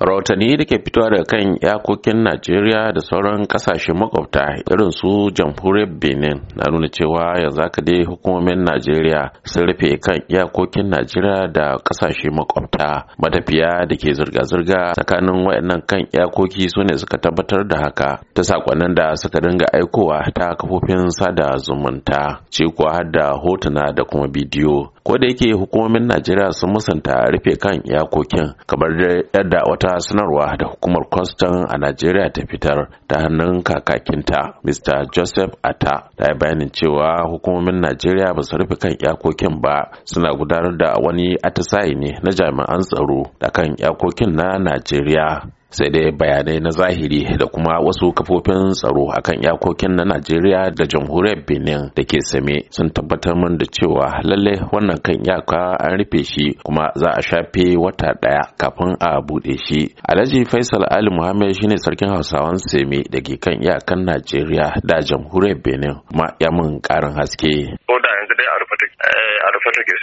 rahotanni da ke fitowa daga kan iyakokin najeriya da sauran kasashen makwabta irin su jamhuriyar benin na nuna cewa yanzu aka dai hukumomin najeriya sun rufe kan iyakokin najeriya da kasashe makwabta matafiya da ke zirga-zirga tsakanin waɗannan kan iyakoki su ne suka tabbatar da haka ta sakonnin da suka dinga aikowa ta kafofin sada zumunta ce kuwa har da hotuna da kuma bidiyo ko da yake hukumomin najeriya sun musanta rufe kan iyakokin kamar da yadda wata sanarwa da hukumar kwastan a najeriya ta fitar ta hannun kakakinta mr joseph atta ta yi bayanin cewa hukumomin najeriya ba su rufe kan iyakokin ba suna gudanar da wani atisaye ne na jami'an tsaro da kan iyakokin na najeriya sai dai bayanai na zahiri da kuma wasu kafofin tsaro akan iyakokin na najeriya da jamhuriyar benin da ke same sun tabbatar min da cewa lalle wannan kan iyaka an rufe shi kuma za a shafe wata daya kafin a bude shi alhaji faisal ali Muhammad shine sarkin hausawan seme da ke kan iyakan najeriya da jamhuriyar benin kuma ya min karin haske eh,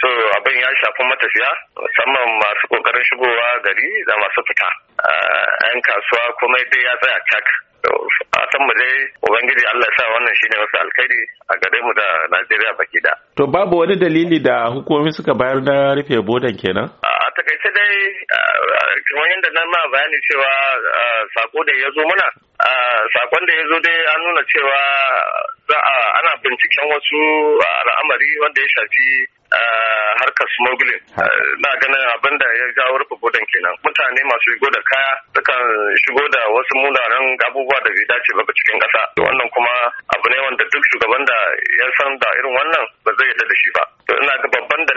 so abin ya shafi matafiya musamman masu kokarin shigowa gari da masu fita 'yan kasuwa komai dai ya tsaya cak fatan mu dai ubangiji Allah sa wannan shine wasu alkhairi a gare mu da Najeriya baki da to babu wani dalili da hukumomi suka bayar na rufe bodan kenan a takaice dai kamar yadda na ma bayani cewa sako da ya zo mana sakon da ya zo dai an nuna cewa za a ana binciken wasu al'amari wanda ya shafi harkar smuggling na ganin abin da ya jawo rufe godon kenan mutane masu shigo da kaya sukan shigo da wasu munanan abubuwa da bai dace ba cikin kasa wannan kuma abu ne wanda duk shugaban da ya san da irin wannan ba zai yarda da shi ba to ina ga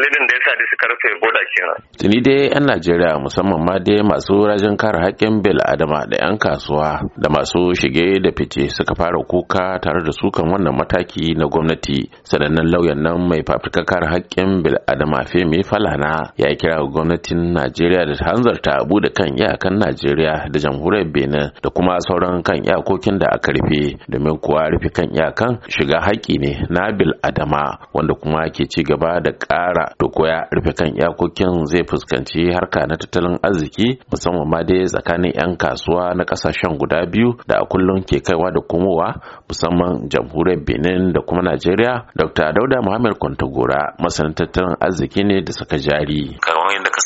dalilin da yasa da suka rufe boda kenan tuni dai yan najeriya musamman ma dai masu rajin kare haƙƙin bil adama da yan kasuwa da masu shige da fice suka fara kuka tare da sukan wannan mataki na gwamnati sanannen lauyan nan mai fafutukar kare haƙƙin bil adama femi falana ya kira ga gwamnatin najeriya da hanzarta bude kan iyakan najeriya da jamhuriyar benin da kuma sauran kan iyakokin da aka rufe domin kuwa rufe kan iyakan shiga haƙƙi ne na bil adama wanda kuma ke ci gaba da ƙara to koya rufe kan iyakokin zai fuskanci harka na tattalin arziki musamman ma dai tsakanin 'yan kasuwa na kasashen guda biyu da a kullum ke kaiwa da komowa musamman jamhuriyar benin da kuma najeriya dr dauda muhammad kwantagora masanin tattalin arziki ne da saka jari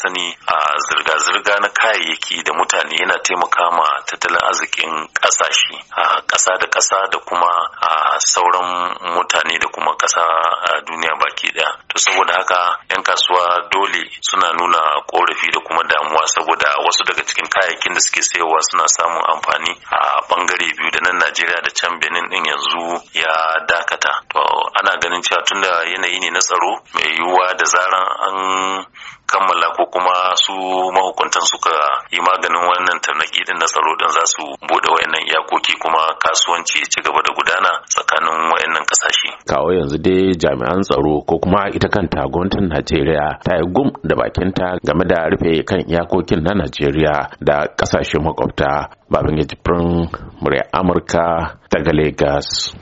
sani a zirga-zirga na kayayyaki da mutane yana taimaka ma tattalin arzikin kasashe a ƙasa da ƙasa da kuma a sauran mutane da kuma ƙasa a duniya baki ɗaya to saboda haka 'yan kasuwa dole suna nuna ƙorafi da kuma damuwa saboda wasu daga cikin kayayyakin da suke sayarwa suna samun amfani a bangare biyu da nan najeriya da can benin din yanzu yanayi ne na tsaro mai yiwuwa da zaran an kammala ko kuma su mahukuntan suka yi maganin wannan tarnaki din na tsaro don za su bude wayannan iyakoki kuma kasuwanci ci gaba da gudana tsakanin wayannan kasashe kawo yanzu dai jami'an tsaro ko kuma ita kanta gwamnatin Najeriya ta yi gum da bakinta game da rufe kan iyakokin na Najeriya da kasashe makwabta babin jibrin murya Amurka daga Lagos